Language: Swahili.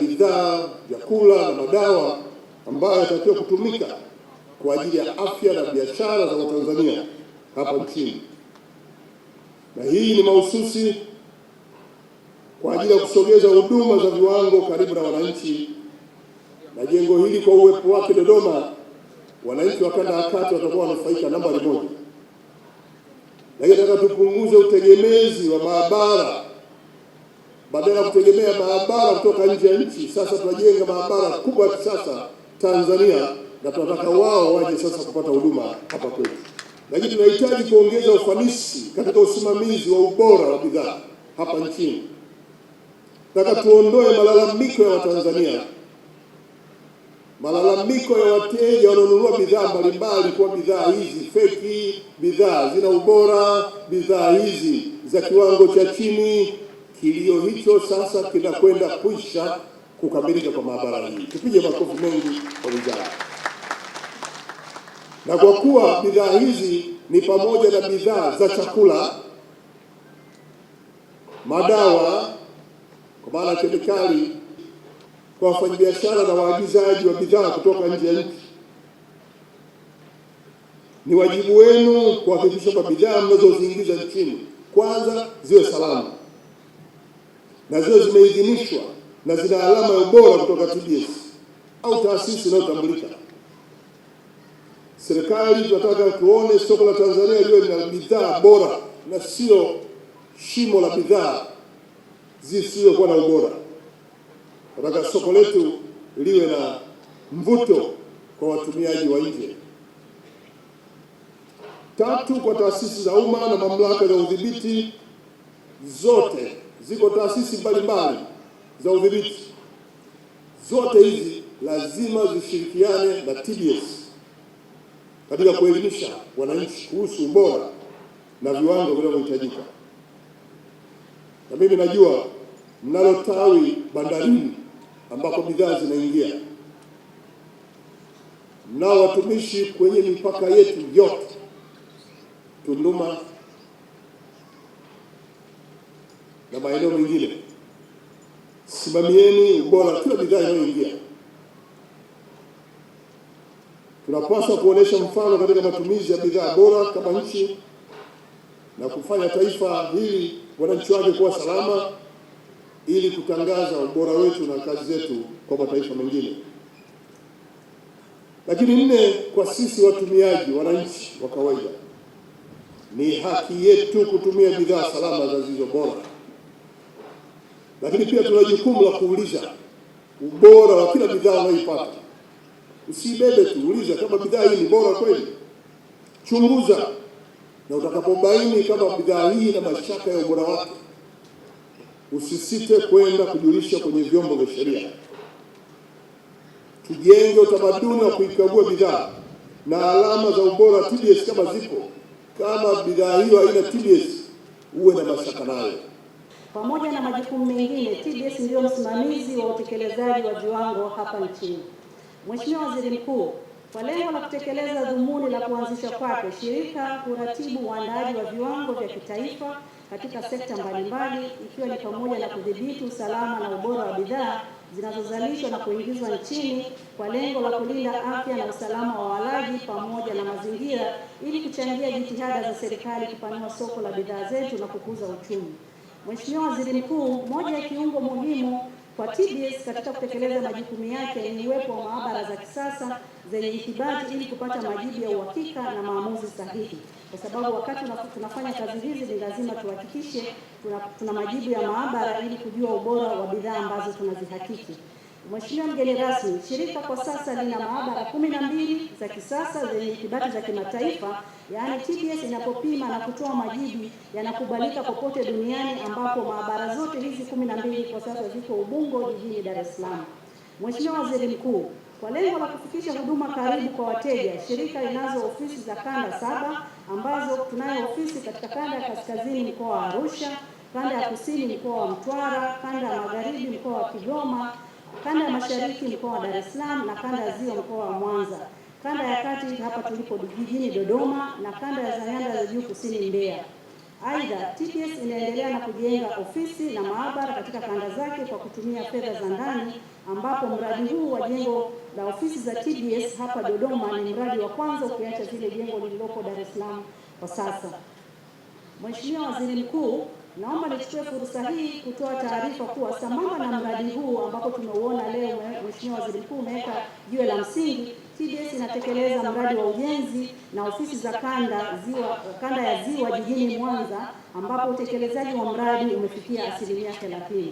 bidhaa, vyakula na madawa ambayo yanatakiwa kutumika kwa ajili ya afya na biashara za Watanzania hapa nchini, na hii ni mahususi kwa ajili ya kusogeza huduma za viwango karibu na wananchi, na jengo hili kwa uwepo wake Dodoma, wananchi wa kanda ya kati watakuwa wanufaika nambari moja. Lakini nataka tupunguze utegemezi wa maabara badala ya kutegemea maabara kutoka nje ya nchi. Sasa tunajenga maabara kubwa ya kisasa Tanzania, na tunataka wao waje sasa kupata huduma hapa kwetu. Lakini tunahitaji kuongeza ufanisi katika usimamizi wa ubora wa bidhaa hapa nchini. Nataka tuondoe malalamiko ya Watanzania, malalamiko ya wateja wanaonunua bidhaa mbalimbali kuwa bidhaa hizi feki, bidhaa zina ubora, bidhaa hizi za kiwango cha chini kilio hicho sasa kinakwenda kuisha kukamilika kwa maabara hii. Tupige makofi mengi kwa wizara. Na kwa kuwa bidhaa hizi ni pamoja na bidhaa za chakula, madawa kwa maana ya kemikali kwa wafanyabiashara na waagizaji wa bidhaa kutoka nje ya nchi, ni wajibu wenu kuhakikisha kwa bidhaa mnazoziingiza nchini kwanza ziwe salama na ziwe zimeidhinishwa na zina alama ya ubora kutoka TBS au taasisi inayotambulika. Serikali tunataka tuone soko la Tanzania liwe lina bidhaa bora na sio shimo la bidhaa zisizokuwa na ubora. Tunataka soko letu liwe na mvuto kwa watumiaji wa nje. Tatu, kwa taasisi za umma na mamlaka za udhibiti zote ziko taasisi mbalimbali za udhibiti. Zote hizi lazima zishirikiane na TBS katika kuelimisha wananchi kuhusu ubora na viwango vinavyohitajika. Na mimi najua mnalo tawi bandarini ambapo bidhaa zinaingia, mnao watumishi kwenye mipaka yetu yote Tunduma na maeneo mengine. Simamieni ubora kila bidhaa inayoingia. Tunapaswa kuonesha mfano katika matumizi ya bidhaa bora kama nchi na kufanya taifa hili, wananchi wake kuwa salama, ili kutangaza ubora wetu na kazi zetu kwa mataifa mengine. Lakini nne, kwa sisi watumiaji, wananchi wa kawaida, ni haki yetu kutumia bidhaa salama za zilizo bora lakini pia tuna jukumu la kuuliza ubora wa kila bidhaa unayoipata. Usibebe tu, uliza kama bidhaa hii ni bora kweli, chunguza, na utakapobaini kama bidhaa hii na mashaka ya ubora wake, usisite kwenda kujulisha kwenye vyombo vya sheria. Tujenge utamaduni wa kuikagua bidhaa na alama za ubora TBS kama zipo. Kama bidhaa hiyo haina TBS, uwe na mashaka nayo. Pamoja na majukumu mengine, TBS ndio msimamizi wa utekelezaji wa viwango hapa nchini. Mheshimiwa Waziri Mkuu, kwa lengo la kutekeleza dhumuni la kuanzisha kwake shirika kuratibu uandaaji wa viwango vya kitaifa katika sekta mbalimbali ikiwa ni pamoja na kudhibiti usalama na ubora wa bidhaa zinazozalishwa na kuingizwa nchini kwa lengo la kulinda afya na usalama wa walaji pamoja na mazingira ili kuchangia jitihada za serikali kupanua soko la bidhaa zetu na kukuza uchumi. Mheshimiwa Waziri Mkuu, moja ya kiungo muhimu kwa TBS katika kutekeleza majukumu yake ni uwepo wa maabara za kisasa zenye ithibati ili kupata majibu ya uhakika na maamuzi sahihi, kwa sababu wakati tunafanya kazi hizi ni lazima tuhakikishe tuna, tuna majibu ya maabara ili kujua ubora wa bidhaa ambazo tunazihakiki. Mheshimiwa mgeni rasmi, shirika kwa sasa lina maabara kumi na mbili za kisasa zenye ithibati za kimataifa, yaani TBS inapopima na kutoa majibu yanakubalika popote duniani, ambapo maabara zote hizi kumi na mbili kwa sasa ziko Ubungo jijini Dar es Salaam. Mheshimiwa Waziri Mkuu, kwa lengo la kufikisha huduma karibu kwa wateja, shirika inazo ofisi za kanda saba ambazo tunayo ofisi katika kanda ya kaskazini mkoa wa Arusha, kanda ya kusini mkoa wa Mtwara, kanda ya magharibi mkoa wa Kigoma kanda ya mashariki mkoa wa Dar es Salaam na kanda ya ziwa mkoa wa Mwanza, kanda ya kati hapa tulipo jijini Dodoma na kanda ya nyanda za juu kusini Mbeya. Aidha, TPS inaendelea na kujenga ofisi na maabara katika kanda zake kwa kutumia fedha za ndani, ambapo mradi huu wa jengo la ofisi za TPS hapa Dodoma ni mradi wa kwanza ukiacha zile jengo lililopo Dar es Salaam kwa sasa. Mheshimiwa Waziri Mkuu, Naomba nichukue fursa hii kutoa taarifa kuwa sambamba na mradi huu ambapo tumeuona leo, Mheshimiwa Waziri Mkuu, umeweka jiwe la msingi, TBS inatekeleza mradi wa ujenzi na ofisi za kanda ziwa, kanda ya ziwa jijini Mwanza ambapo utekelezaji wa mradi umefikia asilimia 30.